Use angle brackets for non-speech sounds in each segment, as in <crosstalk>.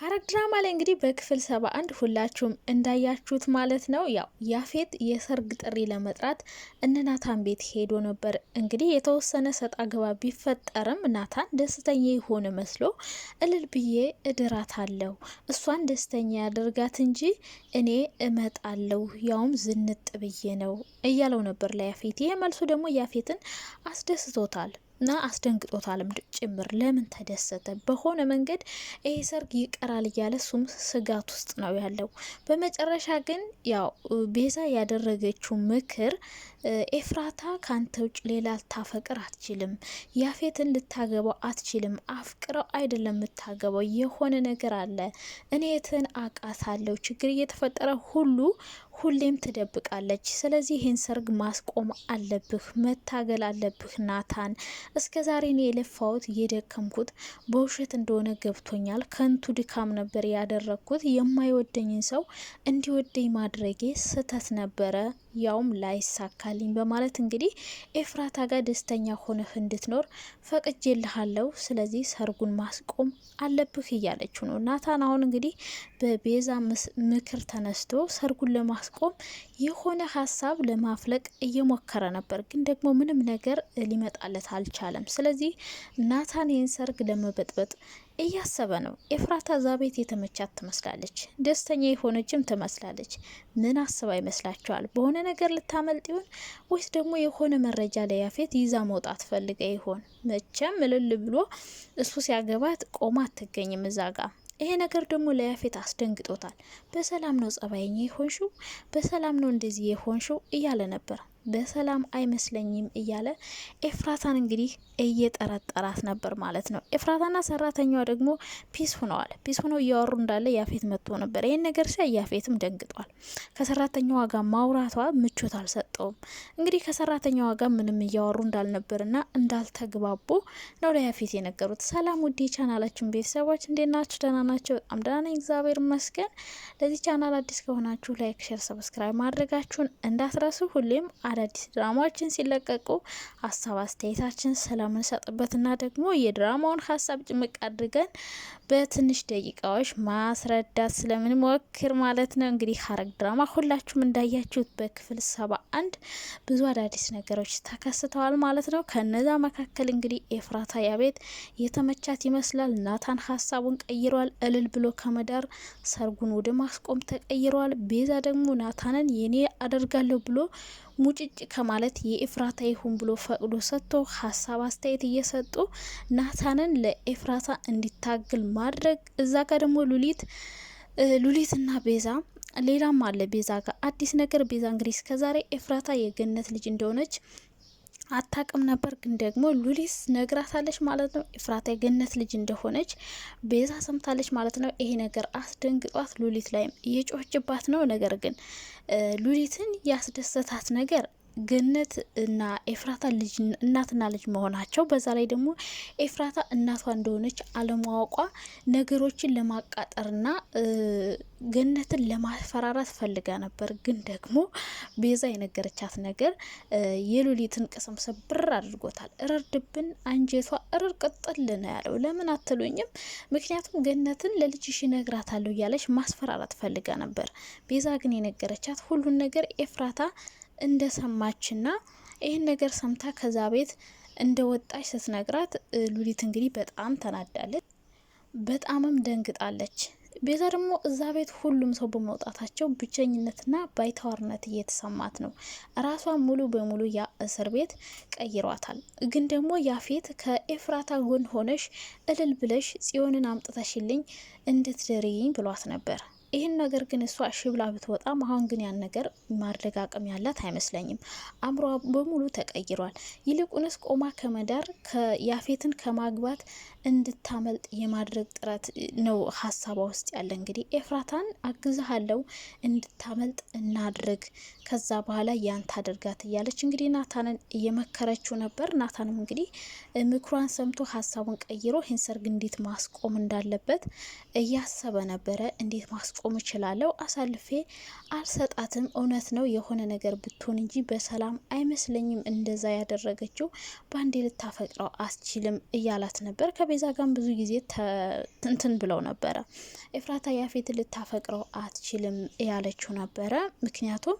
ሐረግ ድራማ ላይ እንግዲህ በክፍል ሰባ አንድ ሁላችሁም እንዳያችሁት ማለት ነው። ያው ያፌት የሰርግ ጥሪ ለመጥራት እነ ናታን ቤት ሄዶ ነበር። እንግዲህ የተወሰነ ሰጥ ገባ ቢፈጠርም ናታን ደስተኛ የሆነ መስሎ እልል ብዬ እድራት አለው እሷን ደስተኛ ያደርጋት እንጂ እኔ እመጣለሁ ያውም ዝንጥ ብዬ ነው እያለው ነበር ለያፌት። ይህ መልሱ ደግሞ ያፌትን አስደስቶታል። እና አስደንግጦታልም ጭምር። ለምን ተደሰተ? በሆነ መንገድ ይሄ ሰርግ ይቀራል እያለ እሱም ስጋት ውስጥ ነው ያለው። በመጨረሻ ግን ያው ቤዛ ያደረገችው ምክር ኤፍራታ ካንተ ውጭ ሌላ ልታፈቅር አትችልም። ያፌትን ልታገባው አትችልም። አፍቅረው አይደለም የምታገባው፣ የሆነ ነገር አለ። እኔትን አቃታለሁ። ችግር እየተፈጠረ ሁሉ ሁሌም ትደብቃለች። ስለዚህ ይህን ሰርግ ማስቆም አለብህ፣ መታገል አለብህ ናታን። እስከ ዛሬ እኔ የለፋሁት የደከምኩት በውሸት እንደሆነ ገብቶኛል። ከንቱ ድካም ነበር ያደረግኩት። የማይወደኝን ሰው እንዲወደኝ ማድረጌ ስህተት ነበረ፣ ያውም ላይሳካ ካለኝ በማለት እንግዲህ ኤፍራታ ጋር ደስተኛ ሆነህ እንድትኖር ፈቅጄልሃለሁ፣ ስለዚህ ሰርጉን ማስቆም አለብህ እያለችው ነው። ናታን አሁን እንግዲህ በቤዛ ምክር ተነስቶ ሰርጉን ለማስቆም የሆነ ሀሳብ ለማፍለቅ እየሞከረ ነበር፣ ግን ደግሞ ምንም ነገር ሊመጣለት አልቻለም። ስለዚህ ናታን ይህን ሰርግ ለመበጥበጥ እያሰበ ነው። ኤፍራታ እዛ ቤት የተመቻት ትመስላለች፣ ደስተኛ የሆነችም ትመስላለች። ምን አስባ ይመስላችኋል? በሆነ ነገር ልታመልጥ ይሆን ወይስ ደግሞ የሆነ መረጃ ለያፌት ይዛ መውጣት ፈልገ ይሆን? መቼም እልል ብሎ እሱ ሲያገባት ቆማ አትገኝም እዛ ጋ። ይሄ ነገር ደግሞ ለያፌት አስደንግጦታል። በሰላም ነው ጸባይኛ የሆንሽው፣ በሰላም ነው እንደዚህ የሆንሽው እያለ ነበር በሰላም አይመስለኝም እያለ ኤፍራታን እንግዲህ እየጠረጠራት ነበር ማለት ነው። ኤፍራታና ሰራተኛዋ ደግሞ ፒስ ሆነዋል። ፒስ ሆነው እያወሩ እንዳለ ያፌት መጥቶ ነበር። ይህን ነገር ሲያይ ያፌትም ደንግጧል። ከሰራተኛዋ ጋር ማውራቷ ምቾት አልሰጠውም። እንግዲህ ከሰራተኛዋ ጋር ምንም እያወሩ እንዳልነበርና እንዳልተግባቡ ነው ለያፌት የነገሩት። ሰላም ውዴ ቻናላችን ቤተሰቦች እንዴት ናችሁ? ደህና ናቸው። በጣም ደህና ነኝ እግዚአብሔር ይመስገን። ለዚህ ቻናል አዲስ ከሆናችሁ ላይክ፣ ሼር፣ ሰብስክራይብ ማድረጋችሁን እንዳትረሱ ሁሌም አዳዲስ ድራማዎችን ሲለቀቁ ሀሳብ አስተያየታችን ስለምንሰጥበትና ደግሞ የድራማውን ሀሳብ ጭምቅ አድርገን በትንሽ ደቂቃዎች ማስረዳት ስለምንሞክር ማለት ነው። እንግዲህ ሐረግ ድራማ ሁላችሁም እንዳያችሁት በክፍል ሰባ አንድ ብዙ አዳዲስ ነገሮች ተከስተዋል ማለት ነው። ከነዛ መካከል እንግዲህ ኤፍራታ ያቤት የተመቻት ይመስላል። ናታን ሀሳቡን ቀይሯል። እልል ብሎ ከመዳር ሰርጉን ወደ ማስቆም ተቀይሯል። ቤዛ ደግሞ ናታንን የኔ አደርጋለሁ ብሎ ሙጭጭ ከማለት የኤፍራታ ይሁን ብሎ ፈቅዶ ሰጥቶ ሀሳብ አስተያየት እየሰጡ ናታንን ለኤፍራታ እንዲታግል ማድረግ እዛ ጋር ደግሞ ሉሊት ሉሊትና ቤዛ ሌላም አለ ቤዛ ጋር አዲስ ነገር። ቤዛ እንግዲህ እስከዛሬ ኤፍራታ የገነት ልጅ እንደሆነች አታቅም ነበር። ግን ደግሞ ሉሊት ነግራታለች ማለት ነው፣ ኤፍራታ የገነት ልጅ እንደሆነች ቤዛ ሰምታለች ማለት ነው። ይሄ ነገር አስደንግጧት ሉሊት ላይም እየጮችባት ነው። ነገር ግን ሉሊትን ያስደሰታት ነገር ገነት እና ኤፍራታ ልጅ እናትና ልጅ መሆናቸው በዛ ላይ ደግሞ ኤፍራታ እናቷ እንደሆነች አለማወቋ ነገሮችን ለማቃጠርና ገነትን ለማስፈራራት ፈልጋ ነበር። ግን ደግሞ ቤዛ የነገረቻት ነገር የሉሊትን ቅስም ስብር አድርጎታል። እረርድብን አንጀቷ እርር ቅጥል ነው ያለው። ለምን አትሉኝም? ምክንያቱም ገነትን ለልጅሽ እነግራታለሁ እያለች ማስፈራራት ፈልጋ ነበር። ቤዛ ግን የነገረቻት ሁሉን ነገር ኤፍራታ እንደሰማችና ይህን ነገር ሰምታ ከዛ ቤት እንደ ወጣች ስትነግራት ሉሊት እንግዲህ በጣም ተናዳለች፣ በጣምም ደንግጣለች። ቤዛ ደግሞ እዛ ቤት ሁሉም ሰው በመውጣታቸው ብቸኝነትና ባይተዋርነት እየተሰማት ነው። ራሷን ሙሉ በሙሉ ያ እስር ቤት ቀይሯታል። ግን ደግሞ ያፌት ከኤፍራታ ጎን ሆነሽ እልል ብለሽ ጽዮንን አምጥተሽልኝ እንድትደርይኝ ብሏት ነበር። ይህን ነገር ግን እሷ እሺ ብላ ብትወጣም አሁን ግን ያን ነገር ማድረግ አቅም ያላት አይመስለኝም። አእምሯ በሙሉ ተቀይሯል። ይልቁንስ ቆማ ከመዳር ያፌትን ከማግባት እንድታመልጥ የማድረግ ጥረት ነው ሀሳቧ ውስጥ ያለ። እንግዲህ ኤፍራታን አግዝሃለው እንድታመልጥ እናድርግ፣ ከዛ በኋላ ያን ታደርጋት እያለች እንግዲህ ናታንን እየመከረችው ነበር። ናታንም እንግዲህ ምክሯን ሰምቶ ሀሳቡን ቀይሮ ይህን ሰርግ እንዴት ማስቆም እንዳለበት እያሰበ ነበረ። እንዴት ማስቆም መቆም እችላለሁ። አሳልፌ አልሰጣትም። እውነት ነው የሆነ ነገር ብትሆን እንጂ በሰላም አይመስለኝም። እንደዛ ያደረገችው በአንዴ ልታፈቅረው አስችልም እያላት ነበር። ከቤዛ ጋም ብዙ ጊዜ ትንትን ብለው ነበረ። ኤፍራታ ያፌት ልታፈቅረው አትችልም እያለችው ነበረ። ምክንያቱም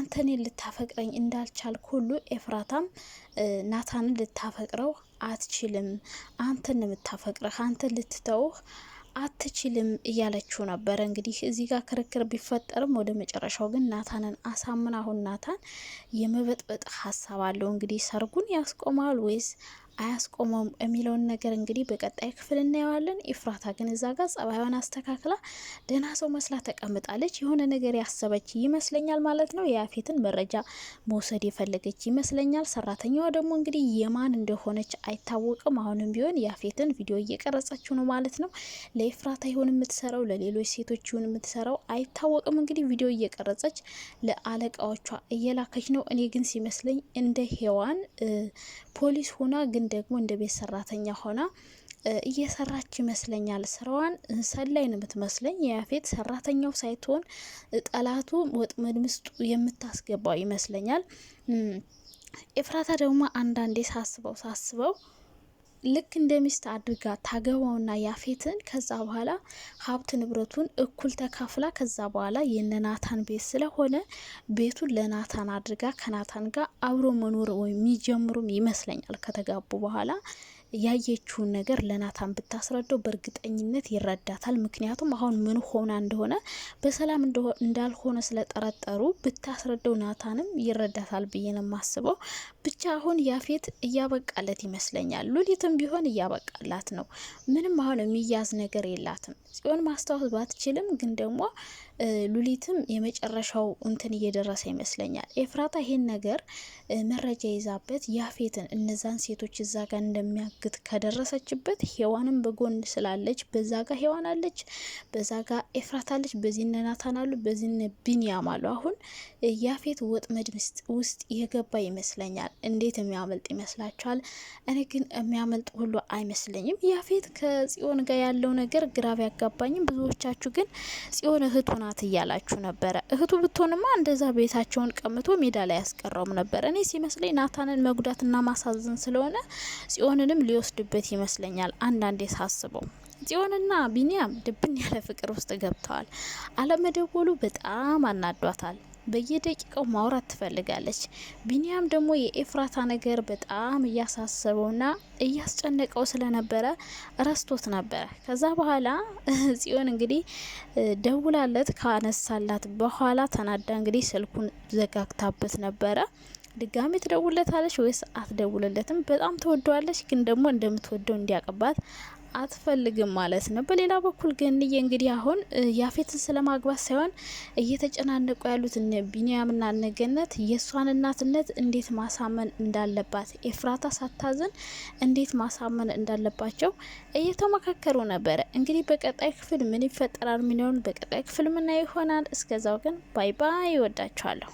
አንተኔ ልታፈቅረኝ እንዳልቻል ሁሉ ኤፍራታም ናታንን ልታፈቅረው አትችልም። አንተን የምታፈቅረህ አንተን ልትተውህ አትችልም እያለችው ነበረ። እንግዲህ እዚህ ጋር ክርክር ቢፈጠርም ወደ መጨረሻው ግን ናታንን አሳምን። አሁን ናታን የመበጥበጥ ሀሳብ አለው። እንግዲህ ሰርጉን ያስቆማል ወይስ አያስቆመውም የሚለውን ነገር እንግዲህ በቀጣይ ክፍል እናየዋለን። ኢፍራታ ግን እዛ ጋር ጸባዩን አስተካክላ ደህና ሰው መስላ ተቀምጣለች። የሆነ ነገር ያሰበች ይመስለኛል ማለት ነው። የአፌትን መረጃ መውሰድ የፈለገች ይመስለኛል። ሰራተኛዋ ደግሞ እንግዲህ የማን እንደሆነች አይታወቅም። አሁንም ቢሆን የአፌትን ቪዲዮ እየቀረጸችው ነው ማለት ነው። ለኢፍራታ ይሁን የምትሰራው፣ ለሌሎች ሴቶች ይሁን የምትሰራው አይታወቅም። እንግዲህ ቪዲዮ እየቀረጸች ለአለቃዎቿ እየላከች ነው። እኔ ግን ሲመስለኝ እንደ ሄዋን ፖሊስ ሆና ግን ግን ደግሞ እንደ ቤት ሰራተኛ ሆና እየሰራች ይመስለኛል። ስራዋን ሰላይ ነው የምትመስለኝ። የያፌት ሰራተኛው ሳይትሆን ጠላቱ ወጥመድ ምስጡ የምታስገባው ይመስለኛል። ኤፍራታ ደግሞ አንዳንዴ ሳስበው ሳስበው ልክ እንደ ሚስት አድርጋ ታገባውና ያፌትን ከዛ በኋላ ሀብት ንብረቱን እኩል ተካፍላ ከዛ በኋላ የነናታን ቤት ስለሆነ ቤቱን ለናታን አድርጋ ከናታን ጋር አብሮ መኖር ወይም የሚጀምሩም ይመስለኛል ከተጋቡ በኋላ ያየችውን ነገር ለናታን ብታስረዳው በእርግጠኝነት ይረዳታል። ምክንያቱም አሁን ምን ሆና እንደሆነ በሰላም እንዳልሆነ ስለጠረጠሩ ብታስረዳው ናታንም ይረዳታል ብዬ ነው የማስበው። ብቻ አሁን ያፌት እያበቃለት ይመስለኛል። ሉሊትም ቢሆን እያበቃላት ነው። ምንም አሁን የሚያዝ ነገር የላትም። ጽዮን ማስታወስ ባትችልም ግን ደግሞ ሉሊትም የመጨረሻው እንትን እየደረሰ ይመስለኛል። ኤፍራታ ይሄን ነገር መረጃ ይዛበት ያፌትን እነዛን ሴቶች እዛ ጋር እንደሚያ ምልክት ከደረሰችበት ሄዋንም በጎን ስላለች በዛ ጋ ሄዋን አለች፣ በዛ ጋ ኤፍራት አለች፣ በዚህ ናታን አሉ፣ በዚህ ቢንያም አሉ። አሁን ያፌት ወጥመድ ውስጥ የገባ ይመስለኛል። እንዴት የሚያመልጥ ይመስላችኋል? እኔ ግን የሚያመልጥ ሁሉ አይመስለኝም። ያፌት ከጽዮን ጋር ያለው ነገር ግራ ቢያጋባኝም ብዙዎቻችሁ ግን ጽዮን እህቱ ናት እያላችሁ ነበረ። እህቱ ብትሆንማ እንደዛ ቤታቸውን ቀምቶ ሜዳ ላይ ያስቀረውም ነበር። እኔ ሲመስለኝ ናታንን መጉዳትና ማሳዘን ስለሆነ ጽዮንንም ሊወስድበት ይመስለኛል አንዳንዴ ሳስበው። ጽዮንና ቢኒያም ድብን ያለ ፍቅር ውስጥ ገብተዋል። አለመደወሉ በጣም አናዷታል። በየደቂቃው ማውራት ትፈልጋለች። ቢኒያም ደግሞ የኤፍራታ ነገር በጣም እያሳሰበውና እያስጨነቀው ስለነበረ ረስቶት ነበረ። ከዛ በኋላ <laughs> ጽዮን እንግዲህ ደውላለት ካነሳላት በኋላ ተናዳ እንግዲህ ስልኩን ዘጋግታበት ነበረ። ድጋሚ ትደውልለታለች ወይስ አትደውልለትም? በጣም ትወደዋለች፣ ግን ደግሞ እንደምትወደው እንዲያቀባት አትፈልግም ማለት ነው። በሌላ በኩል ገንዬ እንግዲህ አሁን ያፌትን ስለማግባት ሳይሆን እየተጨናነቁ ያሉት እነ ቢንያምና እነ ገነት የእሷን እናትነት እንዴት ማሳመን እንዳለባት ኤፍራታ ሳታዝን እንዴት ማሳመን እንዳለባቸው እየተመካከሩ ነበረ። እንግዲህ በቀጣይ ክፍል ምን ይፈጠራል የሚለውን በቀጣይ ክፍል ምና ይሆናል። እስከዛው ግን ባይ ባይ፣ እወዳችኋለሁ።